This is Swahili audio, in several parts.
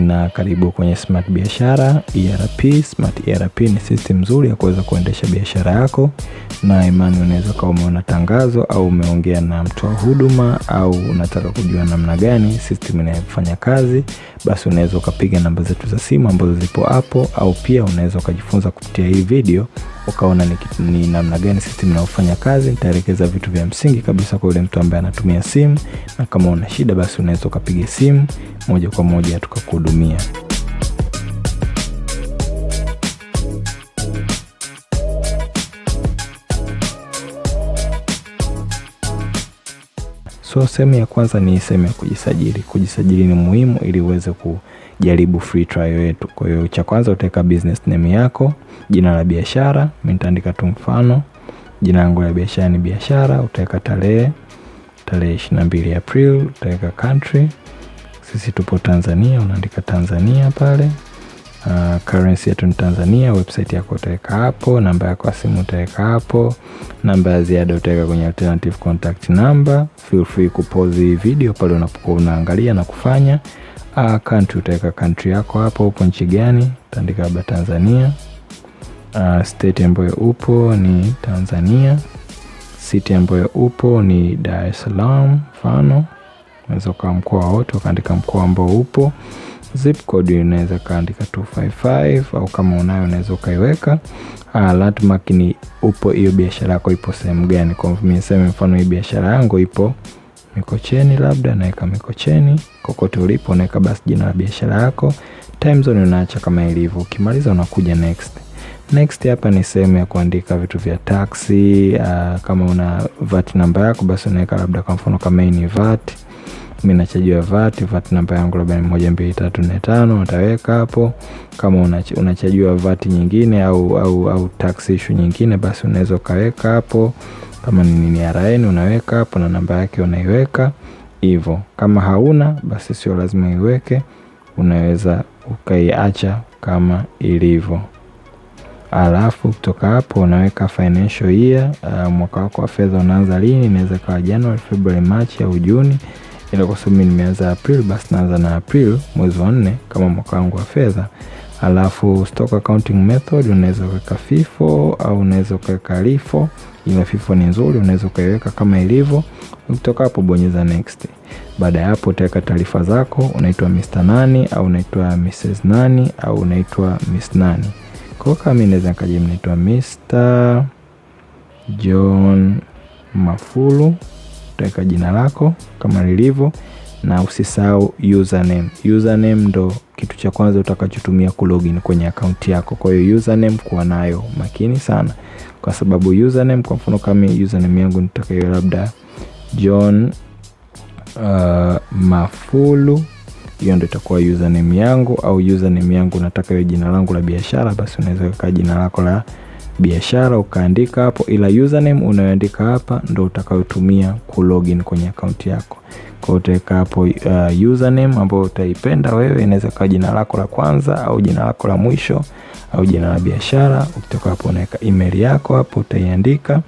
na karibu kwenye Smart Biashara ERP. Smart ERP ni system nzuri ya kuweza kuendesha biashara yako, na imani unaweza ukawa umeona tangazo au umeongea na mtoa huduma au unataka kujua namna gani system inayofanya kazi, basi unaweza ukapiga namba zetu za simu ambazo zipo hapo, au pia unaweza ukajifunza kupitia hii video ukaona ni, ni namna gani system inayofanya kazi. Nitaelekeza vitu vya msingi kabisa kwa yule mtu ambaye anatumia simu, na kama una shida basi unaweza ukapiga simu moja kwa moja tukakuhudumia. So sehemu ya kwanza ni sehemu ya kujisajili. Kujisajili ni muhimu ili uweze kujaribu free trial yetu. Kwa hiyo cha kwanza utaweka business name yako, jina la biashara, nitaandika tu mfano, jina langu la biashara ni biashara, utaweka tarehe, tarehe 22 April, utaweka country sisi tupo Tanzania, unaandika Tanzania pale. Uh, currency yetu ni Tanzania. Website yako utaweka hapo, namba yako ya simu utaweka hapo, namba ya ziada utaweka kwenye alternative contact number. Feel free kupause hii video pale unapokuwa unaangalia na kufanya. Uh, country utaweka country yako hapo, upo nchi gani, utaandika labda Tanzania. Uh, state ambayo upo ni Tanzania. City ambayo upo ni Dar es Salaam mfano unaweza ukawa mkoa wote ukaandika mkoa ambao upo. Zip code unaweza kaandika 255 au kama unayo unaweza ukaiweka. Ah, landmark ni upo, hiyo biashara yako ipo sehemu gani? Kwa mfano niseme, mfano hii biashara yangu ipo Mikocheni, labda naweka Mikocheni. Kokote ulipo unaweka basi jina la biashara yako. Time zone unaacha kama ilivyo, ukimaliza unakuja next. Next hapa ni sehemu ya kuandika vitu vya taxi. Uh, Kama una VAT namba yako, basi unaweka labda, kwa mfano kama hii ni VAT mi nachajiwa VAT, VAT namba yangu labda ni moja mbili tatu nne tano, utaweka hapo. Kama unachajiwa VAT nyingine au, au, au tax issue nyingine, basi unaweza ukaweka hapo. Kama ni NRN unaweka hapo na namba yake unaiweka hivyo. Kama hauna basi sio lazima iweke, unaweza ukaiacha kama ilivyo. Alafu kutoka hapo unaweka financial year, uh, mwaka wako wa fedha unaanza lini, inaweza kawa Januari, Februari, Machi au Juni ila kwa sababu nimeanza April, basi naanza na April mwezi wa nne kama mwaka wangu wa fedha. Alafu stock accounting method unaweza ukaweka FIFO au unaweza ukaweka LIFO, ila FIFO ni nzuri, unaweza ukaiweka kama ilivyo. Ukitoka hapo bonyeza next. Baada ya hapo utaweka taarifa zako, unaitwa Mr nani au unaitwa Mrs nani au unaitwa Miss nani. Kwa hiyo kama mimi naweza nikaja, naitwa Mr John Mafulu utaweka jina lako kama lilivyo na usisahau username. Username ndo kitu cha kwanza utakachotumia kulogin kwenye akaunti yako. Kwa hiyo username kuwa nayo makini sana, kwa sababu username, kwa mfano kama username yangu nitakayo labda John uh, Mafulu, hiyo ndo itakuwa username yangu, au username yangu nataka iwe jina langu la biashara, basi unaweza kuweka jina lako la biashara ukaandika hapo, ila username unayoandika hapa ndo utakayotumia kulogin kwenye akaunti yako. Kwa utaweka hapo uh, username ambayo utaipenda wewe, inaweza kuwa jina lako la kwanza au jina lako la mwisho au jina la biashara. Ukitoka hapo unaweka email yako hapo utaiandika,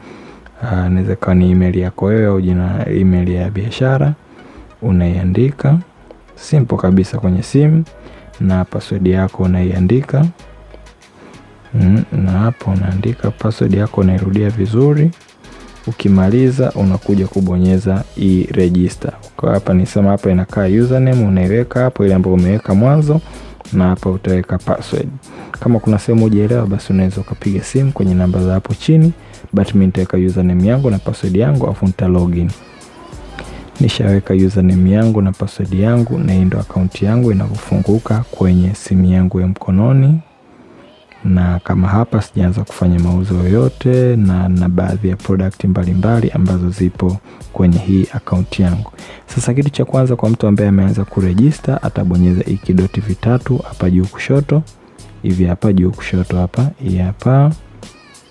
uh, inaweza uh, kuwa ni email yako wewe au jina email ya biashara unaiandika simple kabisa kwenye simu, na password yako unaiandika Mm, na hapo unaandika password yako, unairudia vizuri. Ukimaliza unakuja kubonyeza hii register. Kwa hapa nisema hapa inakaa username, unaiweka hapo ile ambayo umeweka mwanzo, na hapa utaweka password. Kama kuna sehemu hujaelewa, basi unaweza ukapiga simu kwenye namba za hapo chini, but mimi nitaweka username yangu na password yangu, afu nita login. Nishaweka username yangu na password yangu, na hii ndo akaunti yangu inavyofunguka kwenye simu yangu ya mkononi na kama hapa sijaanza kufanya mauzo yoyote na na baadhi ya product mbalimbali ambazo zipo kwenye hii account yangu. Sasa kitu cha kwanza kwa mtu ambaye ameanza kuregister atabonyeza hii kidoti vitatu hapa juu kushoto, hivi hapa juu kushoto hapa, hii hapa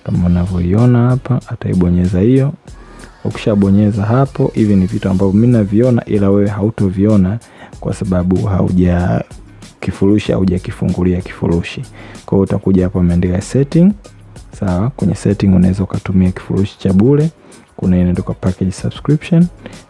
kama unavyoiona hapa, ataibonyeza hiyo. Ukishabonyeza hapo, hivi ni vitu ambavyo mimi naviona, ila wewe hautoviona kwa sababu hauja kifurushi au haujakifungulia kifurushi. Kwa hiyo utakuja hapa umeandika setting, sawa. Kwenye setting unaweza ukatumia kifurushi cha bure, kuna inaandikwa package subscription,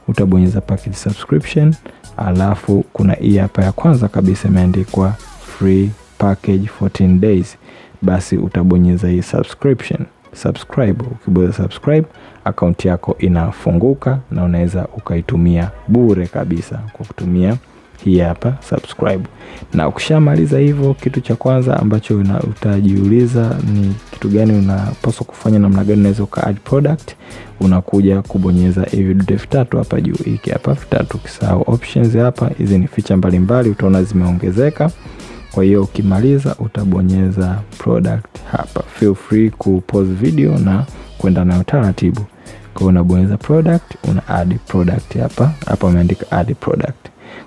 utabonyeza package subscription, alafu kuna hii hapa ya kwanza kabisa imeandikwa free package 14 days, basi utabonyeza hii subscription subscribe. Ukibonyeza subscribe, akaunti yako inafunguka na unaweza ukaitumia bure kabisa kwa kutumia hii hapa subscribe. Na ukishamaliza hivyo, kitu cha kwanza ambacho utajiuliza ni kitu gani unapaswa kufanya, namna gani unaweza ka add product. Unakuja kubonyeza hivi vidude vitatu hapa juu, hiki hapa vitatu, kisahau options hapa. Hizi ni feature mbalimbali, utaona zimeongezeka. Kwa hiyo ukimaliza utabonyeza product hapa. Feel free ku pause video na kwenda nayo taratibu. Kwa hiyo unabonyeza product, una add product hapa hapa, umeandika add product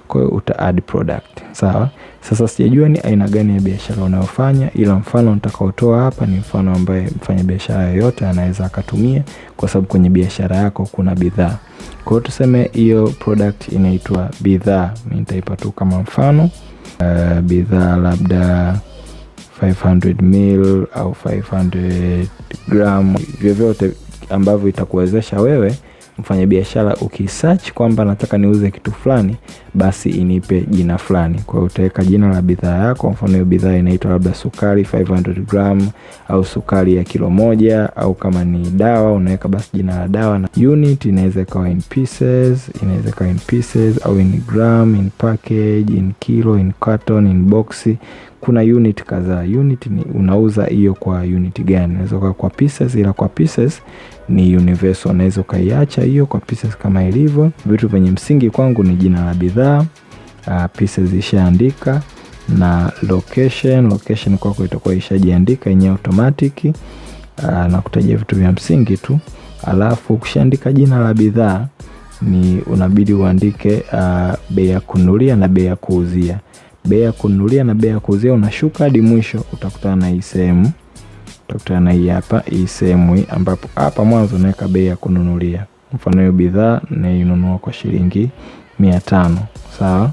kwa hiyo uta add product. Sawa? Sasa sijajua ni aina gani ya biashara unayofanya ila mfano nitakaotoa hapa ni mfano ambaye mfanya biashara yoyote anaweza akatumia kwa sababu kwenye biashara yako kuna bidhaa. Kwa hiyo tuseme hiyo product inaitwa bidhaa. Mimi nitaipa tu kama mfano uh, bidhaa labda 500 ml au 500 gram vyovyote ambavyo itakuwezesha wewe mfanyabiashara ukisearch kwamba nataka niuze kitu fulani, basi inipe jina fulani. Kwa utaweka jina la bidhaa yako, mfano hiyo bidhaa inaitwa labda sukari 500 g au sukari ya kilo moja, au kama ni dawa unaweka basi jina la dawa na unit inaweza ikawa in pieces, inaweza ikawa in pieces au in gram, in package, in kilo, in carton, in box kuna unit kadhaa. Unit ni unauza hiyo kwa unit gani? Unaweza kwa pieces, ila kwa pieces ni universal, unaweza ukaiacha hiyo kwa pieces kama ilivyo. Vitu vyenye msingi kwangu ni jina la bidhaa, uh, pieces ishaandika na location. Location kwako itakuwa ishajiandika yenyewe automatic, uh, na kutajia vitu vya msingi tu, alafu ukishaandika jina la bidhaa ni unabidi uandike uh, bei ya kununulia na bei ya kuuzia. Bei ya kununulia na bei ya kuuzia unashuka hadi mwisho utakutana na hii sehemu. Utakutana na hii hapa, hii sehemu hii ambapo hapa mwanzo naweka bei ya kununulia. Mfano hiyo bidhaa nainunua kwa shilingi mia tano sawa,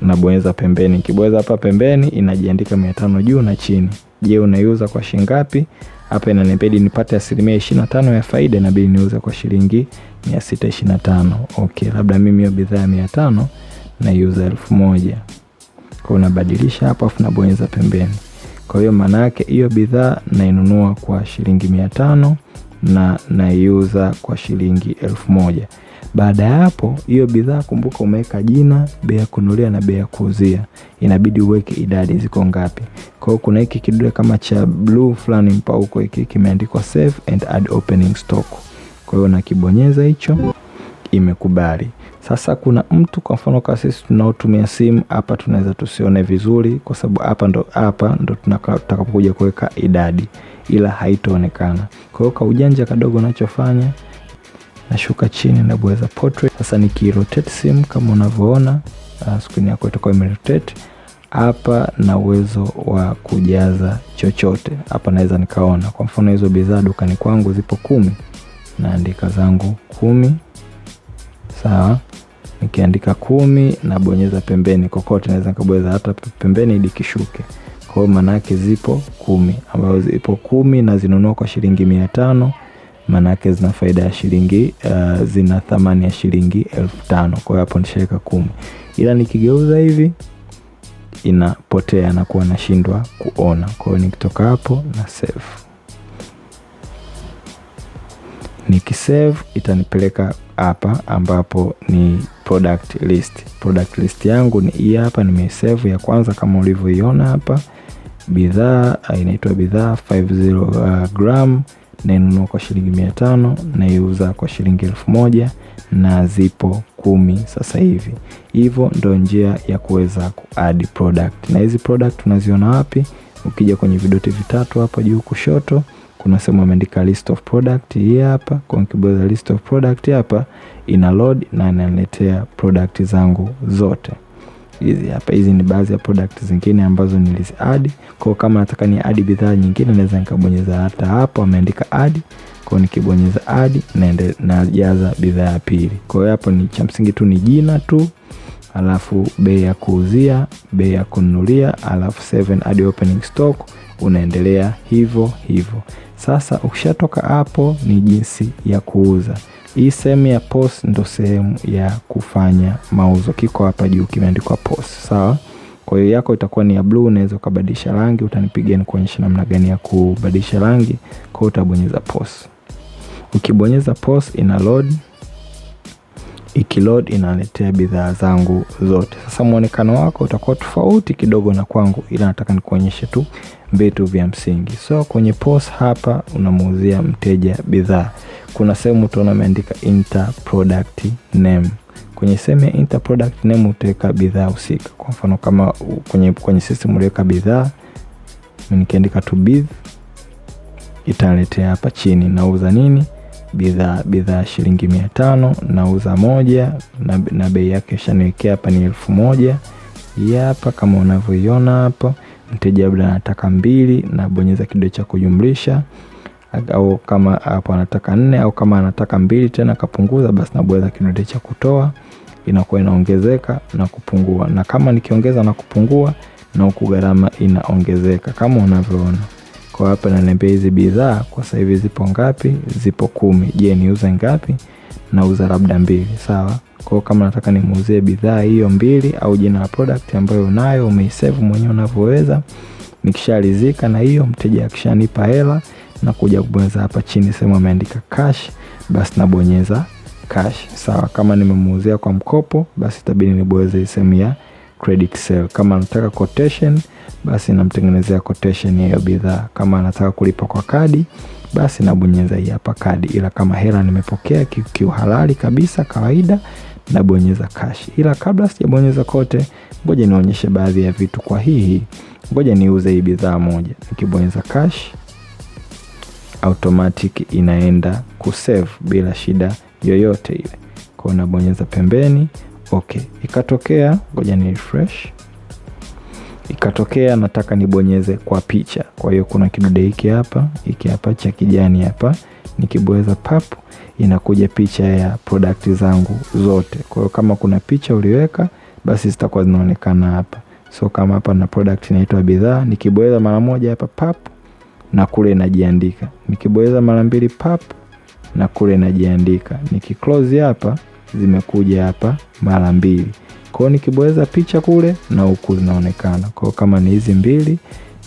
nabonyeza pembeni. kibonyeza hapa pembeni inajiandika mia tano juu na chini. Je, unaiuza kwa shilingi ngapi? Hapa inanibidi nipate asilimia ishirini na tano ya faida, inabidi niuze kwa shilingi mia sita ishirini na tano. Okay, labda mimi hiyo bidhaa ya mia tano naiuza elfu moja. Kwa hiyo unabadilisha hapo afu nabonyeza pembeni. Kwa hiyo maana yake hiyo bidhaa nainunua kwa shilingi mia tano na naiuza kwa shilingi elfu moja. Baada ya hapo, hiyo bidhaa kumbuka, umeweka jina, bei ya kununulia na bei ya kuuzia, inabidi uweke idadi ziko ngapi. Kwa hiyo kuna hiki kidude kama cha bluu fulani mpauko, hiki kimeandikwa save and add opening stock. Kwa hiyo nakibonyeza hicho, imekubali. Sasa kuna mtu kwa mfano kwa sisi tunaotumia simu hapa, tunaweza tusione vizuri, kwa sababu hapa ndo hapa ndo tutakapokuja kuweka idadi, ila haitoonekana. Kwa hiyo kwa ujanja kadogo unachofanya, nashuka chini na bonyeza portrait. Sasa nikirotate simu kama unavyoona, uh, screen yako itakuwa imerotate hapa, na uwezo wa kujaza chochote hapa. Naweza nikaona kwa mfano hizo bidhaa dukani kwangu zipo kumi, naandika zangu kumi, sawa nikiandika kumi na bonyeza pembeni kokote, naweza nikabonyeza hata pembeni ili kishuke. Kwa hiyo manake zipo kumi ambazo zipo kumi na zinunua kwa shilingi mia tano manake zina faida ya shilingi uh, zina thamani ya shilingi elfu tano kwa hiyo hapo nishaweka kumi, ila nikigeuza hivi inapotea na kuwa nashindwa kuona. Kwa hiyo nikitoka hapo na save, nikisave itanipeleka hapa ambapo ni product list. Product list yangu ni hii hapa, nimesave ya kwanza kama ulivyoiona hapa, bidhaa inaitwa bidhaa 50 uh, gram nainunua kwa shilingi mia tano naiuza kwa shilingi elfu moja na zipo kumi sasa hivi. Hivyo ndo njia ya kuweza kuadd product, na hizi product unaziona wapi? Ukija kwenye vidoti vitatu hapa juu kushoto kuna sehemu ameandika list of product hii hapa. Kwa nikibonyeza list of product hapa, ina load na inaniletea product zangu zote hizi hapa. Hizi ni baadhi ya product zingine ambazo nilizi add. Kwa kama nataka ni add bidhaa nyingine, naweza nikabonyeza hata hapa ameandika add. Kwa nikibonyeza add, naende najaza bidhaa ya pili. Kwa hiyo hapo ni cha msingi tu ni jina tu, alafu bei ya kuuzia, bei ya kununulia, alafu save and add opening stock. Unaendelea hivyo hivyo. Sasa ukishatoka hapo ni jinsi ya kuuza. Hii sehemu ya POS ndo sehemu ya kufanya mauzo, kiko hapa juu kimeandikwa POS, sawa. Kwa hiyo yako itakuwa ni ya blue, unaweza kubadilisha rangi, utanipigia kuonyesha namna gani ya kubadilisha rangi. Kwa hiyo utabonyeza POS, ukibonyeza POS ina load ikiload inaletea bidhaa zangu zote. Sasa muonekano wako utakuwa tofauti kidogo na kwangu, ila nataka nikuonyeshe tu vitu vya msingi. So kwenye post hapa unamuuzia mteja bidhaa, kuna sehemu utaona umeandika enter product name. Kwenye sehemu ya enter product name utaweka bidhaa husika. Kwa mfano kama kwenye, kwenye system uliweka bidhaa, nikiandika tu bidh italetea hapa chini nauza nini bidhaa bidhaa shilingi mia tano nauza moja na, na bei yake shaniwekea hapa ni elfu moja hii hapa kama unavyoiona hapo Mteja labda anataka mbili nabonyeza kidole cha kujumlisha, au kama hapo anataka nne au kama anataka mbili tena kapunguza, basi nabonyeza kidole cha kutoa, inakuwa inaongezeka na kupungua, na kama nikiongeza na kupungua na huku gharama inaongezeka kama unavyoona. Kwa hapa naniambia hizi bidhaa kwa sasa hivi zipo ngapi? Zipo kumi. Je, niuze ngapi? Nauza labda mbili. Sawa. Kwa kama nataka nimuuzie bidhaa hiyo mbili au jina la product ambayo unayo umeisave mwenyewe unavyoweza. Nikishalizika na hiyo, mteja akishanipa hela na kuja kubonyeza hapa chini sehemu ameandika cash, basi nabonyeza cash. Sawa, kama nimemuuzia kwa mkopo, basi itabidi nibonyeze sehemu ya credit sale. Kama nataka quotation basi namtengenezea quotation hiyo bidhaa. Kama anataka kulipa kwa kadi, basi nabonyeza hii hapa kadi, ila kama hela nimepokea kiuhalali kabisa kawaida nabonyeza cash. Ila kabla sijabonyeza kote, ngoja nionyeshe baadhi ya vitu. Kwa hii ngoja niuze hii bidhaa moja, nikibonyeza cash automatic inaenda kusave bila shida yoyote ile. Kwa nabonyeza pembeni, okay. Ikatokea, ngoja ni refresh ikatokea nataka nibonyeze kwa picha. Kwa hiyo kuna kidude hiki hapa, hiki hapa cha kijani hapa, nikibonyeza pap, inakuja picha ya product zangu zote. Kwa hiyo kama kuna picha uliweka, basi zitakuwa zinaonekana hapa. So kama hapa na product inaitwa bidhaa, nikibonyeza mara moja hapa pap, na kule inajiandika. Nikibonyeza mara mbili pap, na kule inajiandika. Nikiclose hapa, zimekuja hapa mara mbili. Kwa hiyo nikibonyeza picha kule na huku zinaonekana. Kwa hiyo kama ni hizi mbili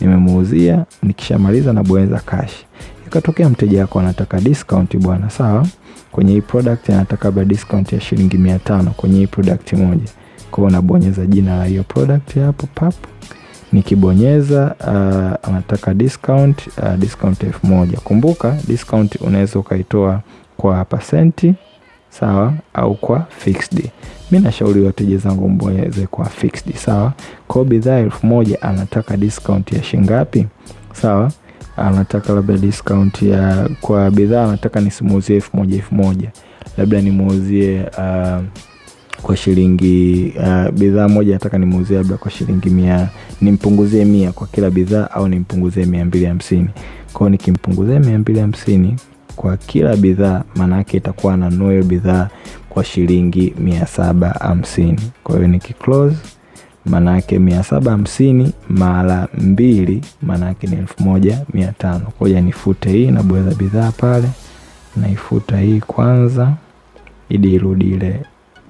nimemuuzia, nikishamaliza nabonyeza kashi. Ikatokea mteja wako anataka discount bwana, sawa? Kwenye hii product anataka ba discount ya shilingi 500 kwenye hii product moja. Kwa hiyo nabonyeza jina la hiyo product hapo pap. Nikibonyeza uh, anataka discount uh, discount 1000. Kumbuka discount unaweza ukaitoa kwa pasenti sawa au kwa fixed. Mimi nashauri wateja zangu mbonyeze kwa fixed, sawa. Kwa bidhaa elfu moja anataka discount ya shingapi Sawa, anataka labda discount ya kwa bidhaa anataka nisimuuzie elfu moja elfu moja labda nimuuzie uh, kwa shilingi uh, bidhaa moja nataka nimuuzie labda kwa shilingi mia, nimpunguzie mia kwa kila bidhaa au nimpunguzie mia mbili hamsini. kwao nikimpunguzia mia mbili hamsini kwa kila bidhaa, maanake itakuwa ananunua hiyo bidhaa kwa shilingi mia saba hamsini. Kwa hiyo nikiclose maanake mia saba hamsini mara mbili maanake ni elfu moja mia tano. Koja nifute hii nabweza bidhaa pale, naifuta hii kwanza ili irudi ile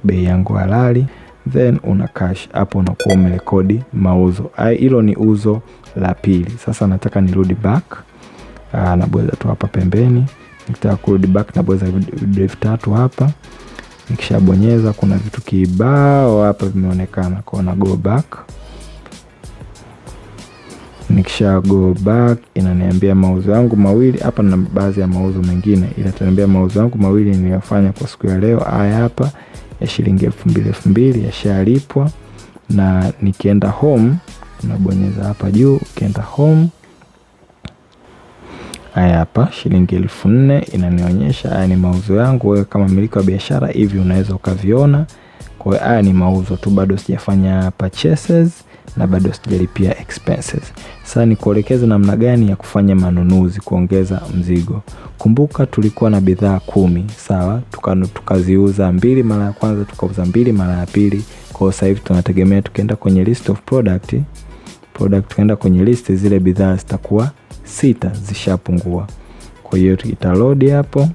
bei yangu halali, then una cash hapo, unakuwa umerekodi mauzo. Hilo ni uzo la pili. Sasa nataka nirudi back, ah, nabweza tu hapa pembeni nitakuback na bonyeza drive tatu hapa. Nikishabonyeza kuna vitu kibao hapa vimeonekana, kwa na go back. Nikisha go back inaniambia mauzo yangu mawili hapa, na baadhi ya mauzo mengine inaniambia mauzo yangu mawili niliyofanya kwa siku ya leo, haya hapa ya shilingi elfu mbili elfu mbili yashalipwa, na nikienda home nabonyeza hapa juu, ukienda home Haya hapa shilingi elfu nne inanionyesha haya ni mauzo yangu. Wewe kama mmiliki wa biashara hivi unaweza ukaviona. Kwa hiyo haya ni mauzo tu, bado sijafanya purchases na bado sijalipia expenses. Sasa ni kuelekeza namna gani ya kufanya manunuzi kuongeza mzigo. Kumbuka tulikuwa na bidhaa kumi, sawa? Tukaziuza tuka mbili mara ya kwanza, tukauza mbili mara ya pili. Kwa hiyo sasa hivi tunategemea tukienda kwenye list of product, product tukaenda kwenye list, zile bidhaa zitakuwa sita zishapungua. Kwa hiyo italodi hapo,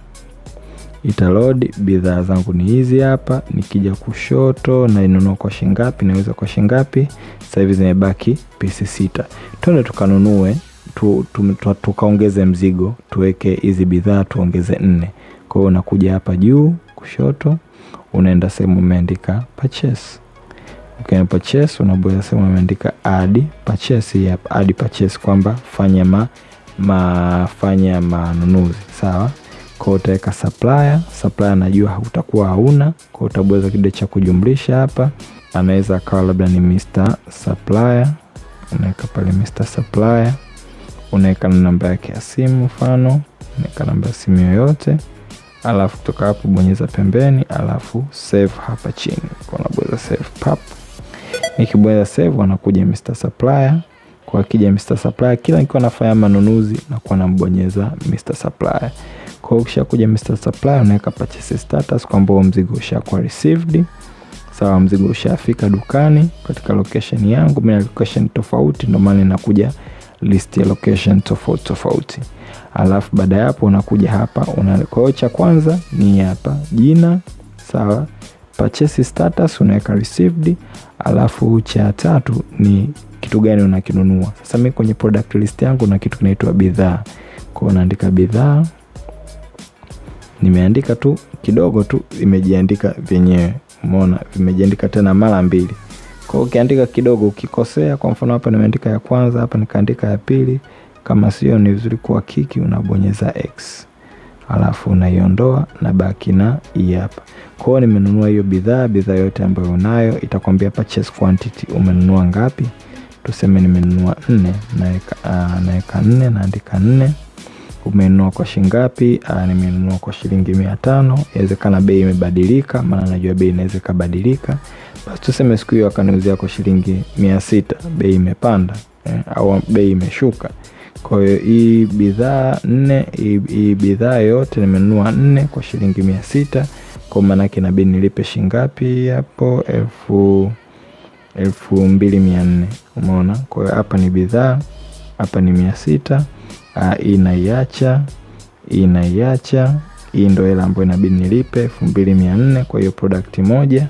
italodi bidhaa zangu ni hizi hapa. Nikija kushoto na inunua kwa shingapi, naweza kwa shingapi? Sasa hivi zimebaki pisi sita. Twende tukanunue tu, tu, tu, tukaongeze mzigo, tuweke hizi bidhaa tuongeze nne. Kwa hiyo unakuja hapa juu kushoto, unaenda sehemu umeandika purchase Ukienda purchase, unabonyeza sema imeandika add purchase, ya add purchase kwamba fanya ma, mafanya manunuzi sawa. Kwa utaweka supplier, supplier najua utakuwa hauna, kwa hiyo kidogo cha kujumlisha hapa, anaweza akawa labda ni Mr Supplier, unaweka pale Mr Supplier, unaweka na namba yake ya simu, mfano unaweka namba ya simu yoyote alafu kutoka hapo bonyeza pembeni, alafu save hapa chini, kwa unaweza save pap Nikibonyeza save anakuja Mr. Supplier. Kwa akija Mr. Supplier, kila nikiwa nafanya manunuzi na kuwa nambonyeza Mr. Supplier. Kwa ukisha kuja Mr. Supplier unaweka purchase status kwamba mzigo ushakuwa received. Sawa, mzigo ushafika dukani katika location yangu. Mimi location tofauti, ndio maana inakuja list ya location tofauti tofauti. Alafu baada ya hapo unakuja hapa una, cha kwanza ni hapa jina, sawa, purchase status unaweka received, alafu cha tatu ni kitu gani unakinunua. Sasa mi kwenye product list yangu na kitu kinaitwa bidhaa, kwao naandika bidhaa, nimeandika tu kidogo tu, imejiandika vyenyewe, umeona vimejiandika tena mara mbili. Kwa hiyo ukiandika kidogo, ukikosea, kwa mfano hapa nimeandika ya kwanza, hapa nikaandika ya pili, kama sio ni vizuri kuwa kiki unabonyeza x alafu unaiondoa na baki na hii hapa. Kwa hiyo nimenunua hiyo bidhaa, bidhaa yote ambayo unayo itakwambia purchase quantity umenunua ngapi. Tuseme nimenunua nne, naweka ah, nne, naandika nne. Umenunua kwa shilingi ngapi? Ah, nimenunua kwa shilingi mia tano. Inawezekana bei imebadilika, maana najua bei inaweza ikabadilika. Basi tuseme siku hiyo akaniuzia kwa shilingi mia sita, bei imepanda eh, au bei imeshuka. Kwa hiyo hii bidhaa nne, hii bidhaa yote nimenunua nne kwa shilingi mia sita. Kwa maanake inabidi nilipe shingapi hapo elfu elfu mbili mia nne umeona. Kwa hiyo hapa ni bidhaa, hapa ni mia sita. Ah, hii naiacha, hii naiacha, hii ndio hela ambayo inabidi nilipe elfu mbili mia nne kwa hiyo product moja,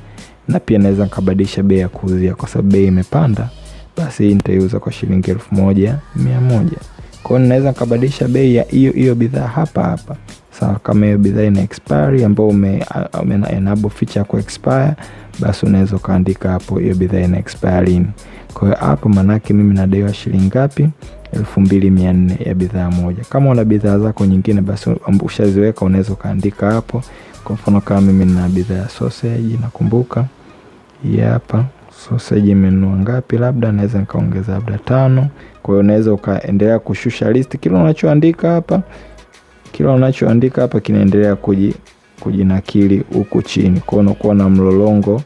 na pia naweza nikabadilisha bei ya kuuzia kwa sababu bei imepanda, basi hii nitaiuza kwa shilingi elfu moja mia moja. Kwa hiyo naweza nikabadilisha bei ya hiyo hiyo bidhaa hapa hapa. Sawa, kama hiyo bidhaa ina expiry ambao ume uh, enable feature ya ku expire, basi unaweza ukaandika hapo hiyo bidhaa ina expire lini. Kwa hiyo hapo manake mimi nadaiwa shilingi ngapi? elfu mbili mia nne ya bidhaa moja. Kama una bidhaa zako nyingine, basi um, ushaziweka, unaweza ukaandika hapo. Kwa mfano kama mimi na bidhaa ya sausage, nakumbuka hii hapa sausage imenunua ngapi, labda naweza nikaongeza labda tano. Kwa hiyo unaweza ukaendelea kushusha list, kile unachoandika hapa kila unachoandika hapa kinaendelea kuji, kujinakili huku chini. Kwa unakuwa na mlolongo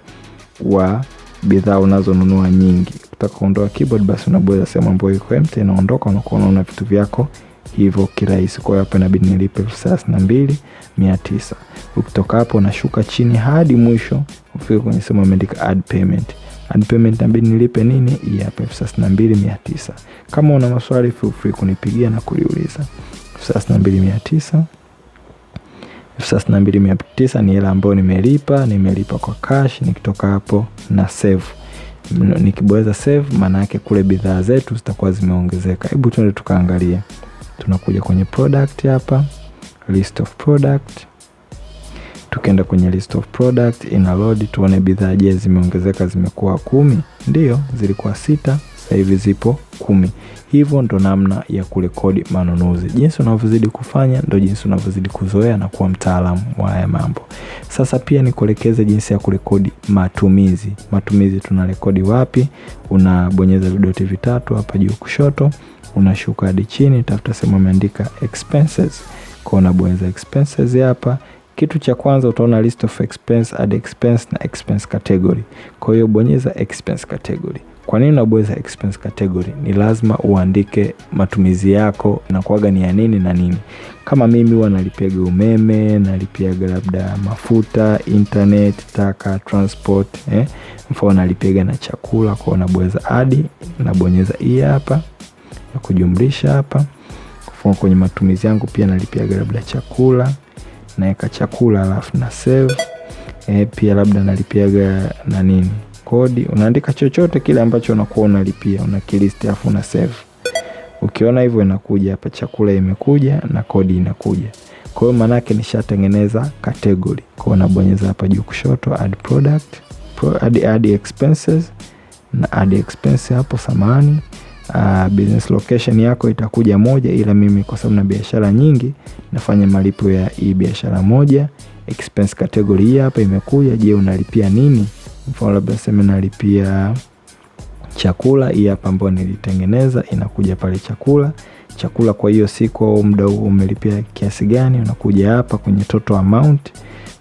wa bidhaa unazonunua nyingi. Ukitaka kuondoa keyboard, basi unabweza sehemu ambayo iko empty, inaondoka, unakuwa unaona vitu vyako hivyo kirahisi. Kwa hiyo hapa inabidi nilipe elfu thelathini na mbili mia tisa. Ukitoka hapo unashuka chini hadi mwisho ufike kwenye sehemu imeandika add payment. Add payment inabidi nilipe nini? Hii hapa elfu thelathini na mbili mia tisa. Kama una maswali feel free kunipigia na kuliuliza elfu thelathini na mbili mia tisa elfu thelathini na mbili mia tisa ni hela ambayo nimelipa, nimelipa kwa cash. Nikitoka hapo na save, nikibweza save, maana yake kule bidhaa zetu zitakuwa zimeongezeka. Hebu tuende tukaangalia, tunakuja kwenye product hapa, list of product. Tukienda kwenye list of product ina load, tuone bidhaa je, zimeongezeka. Zimekuwa kumi? Ndio, zilikuwa sita sasa hivi zipo kumi. Hivyo ndo namna ya kurekodi manunuzi. Jinsi unavyozidi kufanya ndo jinsi unavyozidi kuzoea na kuwa mtaalamu wa haya mambo. Sasa pia nikuelekeze jinsi ya kurekodi matumizi. Matumizi tunarekodi wapi? Unabonyeza vidoti vitatu hapa juu kushoto, unashuka hadi chini, tafuta sehemu imeandika expenses, kwa unabonyeza expenses hapa kitu cha kwanza utaona list of expense, add expense na expense category. Kwa hiyo bonyeza expense category. Kwa nini unabweza expense category? Ni lazima uandike matumizi yako na kuaga ni ya nini na nini. Kama mimi huwa nalipiaga umeme, nalipiaga labda mafuta, internet, taka, transport, eh? Mfano nalipiaga na chakula kwa unabweza adi, nabonyeza hii e hapa na kujumlisha hapa. Kwa kwenye matumizi yangu pia nalipiaga labda chakula, naweka chakula alafu na save. Eh, pia labda nalipiaga na nini kodi, unaandika chochote kile ambacho unakuwa unalipia una kilisti alafu una save. Ukiona hivyo inakuja hapa, chakula imekuja na kodi inakuja. Kwa hiyo maana yake nishatengeneza category. Kwa hiyo nabonyeza hapa juu kushoto, add product, pro, add, add expenses na add expense hapo samani. Uh, ah, business location yako itakuja moja, ila mimi kwa sababu na biashara nyingi nafanya malipo ya hii biashara moja. Expense category hii hapa imekuja. Je, unalipia nini? mfano labda seme nalipia chakula, hii hapa ambayo nilitengeneza inakuja pale chakula chakula kwa hiyo siku au muda huo umelipia kiasi gani, unakuja hapa kwenye total amount,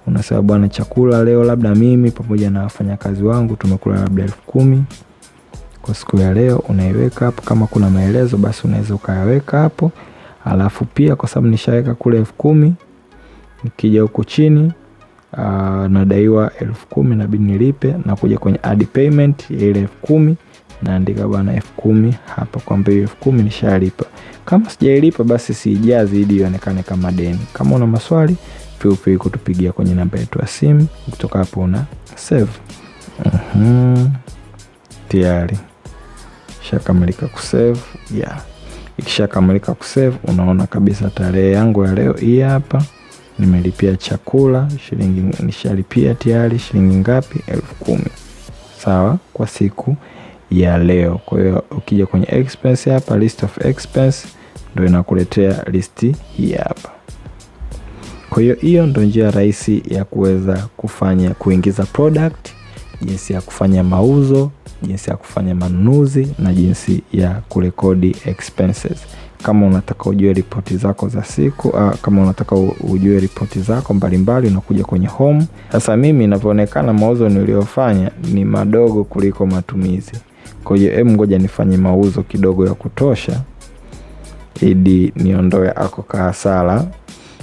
unasema bwana, chakula leo labda mimi pamoja na wafanyakazi wangu tumekula labda elfu kumi kwa siku ya leo, unaiweka hapo. Kama kuna maelezo basi unaweza ukayaweka hapo, alafu pia kwa sababu nishaweka kule elfu kumi, nikija huku chini uh, nadaiwa elfu kumi nabidi nilipe, nakuja kwenye add payment ya ile elfu kumi naandika bwana elfu kumi hapa kwamba hiyo elfu kumi nishalipa. Kama sijailipa basi siijazi ili ionekane kama deni. Kama una maswali feel free kutupigia kwenye namba yetu ya simu, kutoka hapo una save. Uhum. Tayari shakamilika kusave yeah. Ikishakamilika kusave, unaona kabisa tarehe yangu ya leo hii hapa nimelipia chakula shilingi, nishalipia tayari shilingi ngapi? elfu kumi sawa, kwa siku ya leo. Kwa hiyo ukija kwenye expense hapa, list of expense ndo inakuletea listi hii hapa. Kwa hiyo hiyo ndo njia rahisi ya kuweza kufanya kuingiza product, jinsi ya kufanya mauzo, jinsi ya kufanya manunuzi na jinsi ya kurekodi expenses kama unataka ujue ripoti zako za siku uh, kama unataka ujue ripoti zako mbalimbali unakuja kwenye home. Sasa mimi inavyoonekana mauzo niliyofanya ni madogo kuliko matumizi, kwa hiyo hem ngoja nifanye mauzo kidogo ya kutosha ili niondoe ako kahasara,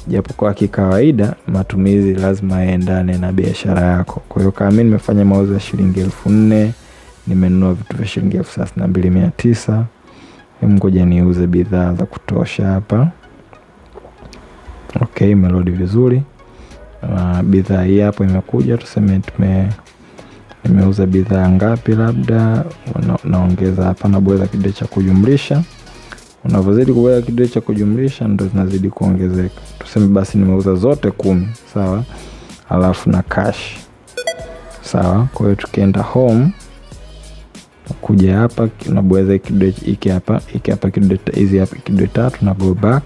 japokuwa kikawaida matumizi lazima yaendane na biashara yako. Kwa hiyo kama mimi nimefanya mauzo ya shilingi elfu nne nimenunua vitu vya shilingi elfu thelathini mbili mia tisa ngoja niuze bidhaa za kutosha hapa. Okay, imelodi vizuri. Uh, bidhaa hii hapo imekuja, tuseme tume nimeuza bidhaa ngapi, labda naongeza hapa, nabweza kidole cha kujumlisha. Unavyozidi kubweza kidole cha kujumlisha ndo zinazidi kuongezeka. Tuseme basi nimeuza zote kumi, sawa, alafu na cash, sawa. Kwa hiyo tukienda home kuja hapa nabweza kidole hiki hapa iki hapa hizi hapa kidole tatu na go back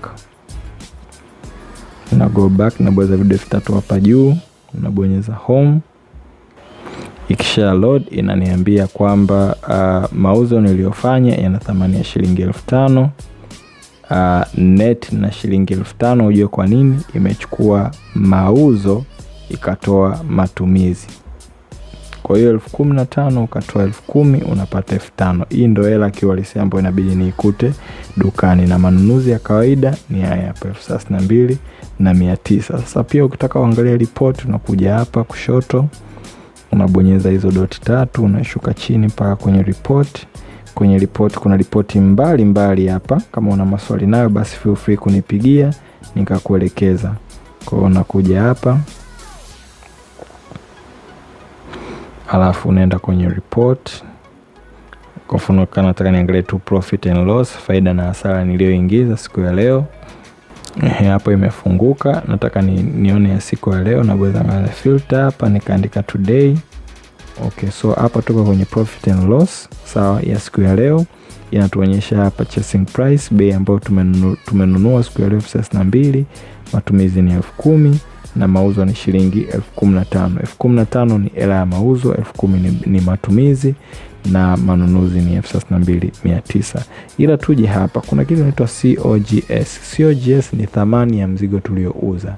na go back, nabweza vidole vitatu hapa juu, nabonyeza home. Ikisha load inaniambia kwamba uh, mauzo niliyofanya yana thamani ya shilingi elfu tano uh, net na shilingi elfu tano. Hujue kwa nini imechukua mauzo ikatoa matumizi. Kwa hiyo elfu kumi na tano ukatoa elfu kumi unapata elfu tano. Hii ndo hela kiwalisia ambayo inabidi niikute dukani, na manunuzi ya kawaida ni haya hapa elfu thelathini na mbili na mia tisa. Sasa pia ukitaka uangalia ripoti, unakuja hapa kushoto, unabonyeza hizo doti tatu, unashuka chini mpaka kwenye ripoti. Kwenye ripoti kuna ripoti mbalimbali hapa. Kama una maswali nayo, basi feel free kunipigia nikakuelekeza. Kwa hiyo unakuja hapa alafu unaenda kwenye report. Kwa mfano kama nataka niangalie tu profit and loss, faida na hasara niliyoingiza siku ya leo. Ehe, hapo imefunguka. Nataka ni, nione ya siku ya leo, naweza ngale filter hapa nikaandika today. Okay, so hapa tuko kwenye profit and loss, sawa. Ya siku ya leo inatuonyesha purchasing price, bei ambayo tumenunua siku ya leo elfu thelathini na mbili, matumizi ni elfu kumi na mauzo ni shilingi elfu kumi na tano. Elfu kumi na tano ni hela ya mauzo, elfu kumi ni, ni matumizi na manunuzi ni elfu thelathini na mbili mia tisa. Ila tuje hapa, kuna kitu inaitwa COGS. COGS ni thamani ya mzigo tuliouza.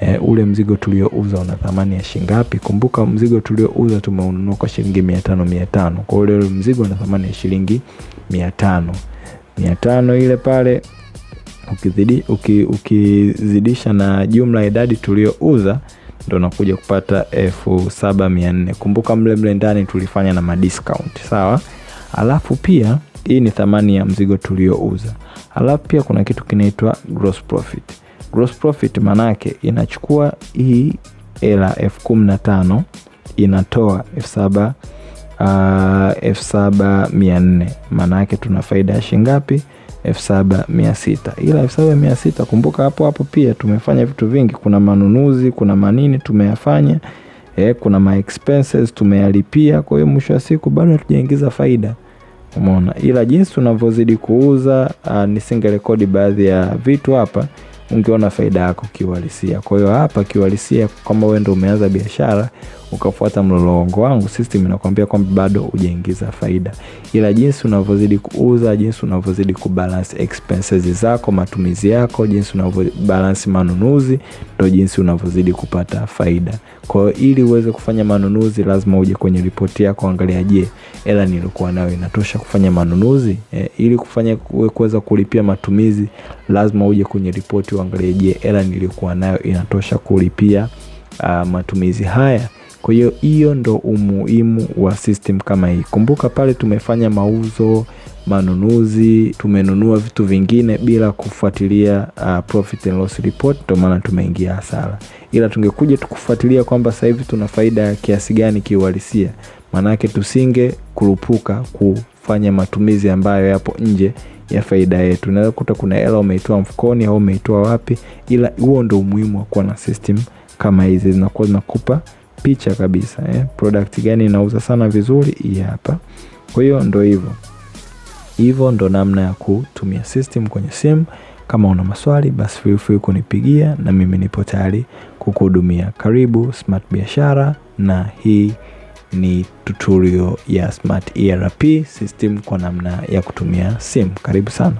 E, ule mzigo tuliouza una thamani ya shilingi ngapi? Kumbuka mzigo tuliouza tumeununua kwa shilingi mia tano mia tano, kwa hiyo ule mzigo una thamani ya shilingi mia tano mia tano ile pale ukizidi, ukizidisha na jumla ya idadi tuliyouza ndo nakuja kupata elfu saba mia nne. Kumbuka mle mle ndani tulifanya na madiscount sawa. Alafu pia hii ni thamani ya mzigo tuliouza. Alafu pia kuna kitu kinaitwa gross profit. Gross profit manake inachukua hii hela elfu kumi na tano inatoa elfu saba ah, elfu saba mia nne. Maana yake tuna faida ya shingapi 7600 ila 7600 kumbuka, hapo hapo pia tumefanya vitu vingi, kuna manunuzi, kuna manini tumeyafanya eh, kuna ma expenses tumeyalipia. Kwa hiyo mwisho wa siku bado hatujaingiza faida, umeona. Ila jinsi tunavyozidi kuuza, ah, nisingerekodi baadhi ya vitu hapa, ungeona faida yako kiuhalisia. Kwa hiyo hapa kiuhalisia, kama wewe ndio umeanza biashara ukafuata mlolongo wangu, system inakwambia kwamba bado hujaingiza faida, ila jinsi unavyozidi kuuza, jinsi unavyozidi kubalance expenses zako, matumizi yako, jinsi unavyobalance manunuzi, ndo jinsi unavyozidi kupata faida. Kwa hiyo ili uweze kufanya manunuzi, lazima uje kwenye ripoti yako, angalia, je, hela nilikuwa nayo inatosha kufanya manunuzi? E, ili kufanya kuweza kulipia matumizi, lazima uje kwenye ripoti uangalie, je, hela nilikuwa nayo inatosha kulipia uh, matumizi haya kwa hiyo hiyo ndo umuhimu wa system kama hii. Kumbuka pale tumefanya mauzo, manunuzi, tumenunua vitu vingine bila kufuatilia uh, profit and loss report, ndio maana tumeingia hasara. Ila tungekuja tukufuatilia kwamba sasa hivi tuna faida kiasi gani kiuhalisia, maanake tusinge kurupuka kufanya matumizi ambayo yapo nje ya faida yetu. Unaweza kuta kuna hela umeitoa mfukoni au umeitoa wapi, ila huo ndo umuhimu wa kuwa na system kama hizi, zinakuwa zinakupa picha kabisa eh, product gani inauza sana vizuri, hii hapa. Kwa hiyo ndo hivyo hivyo, ndo namna ya kutumia system kwenye simu. Kama una maswali, basi feel free kunipigia na mimi nipo tayari kukuhudumia. Karibu Smart Biashara, na hii ni tutorial ya Smart ERP system kwa namna ya kutumia simu. Karibu sana.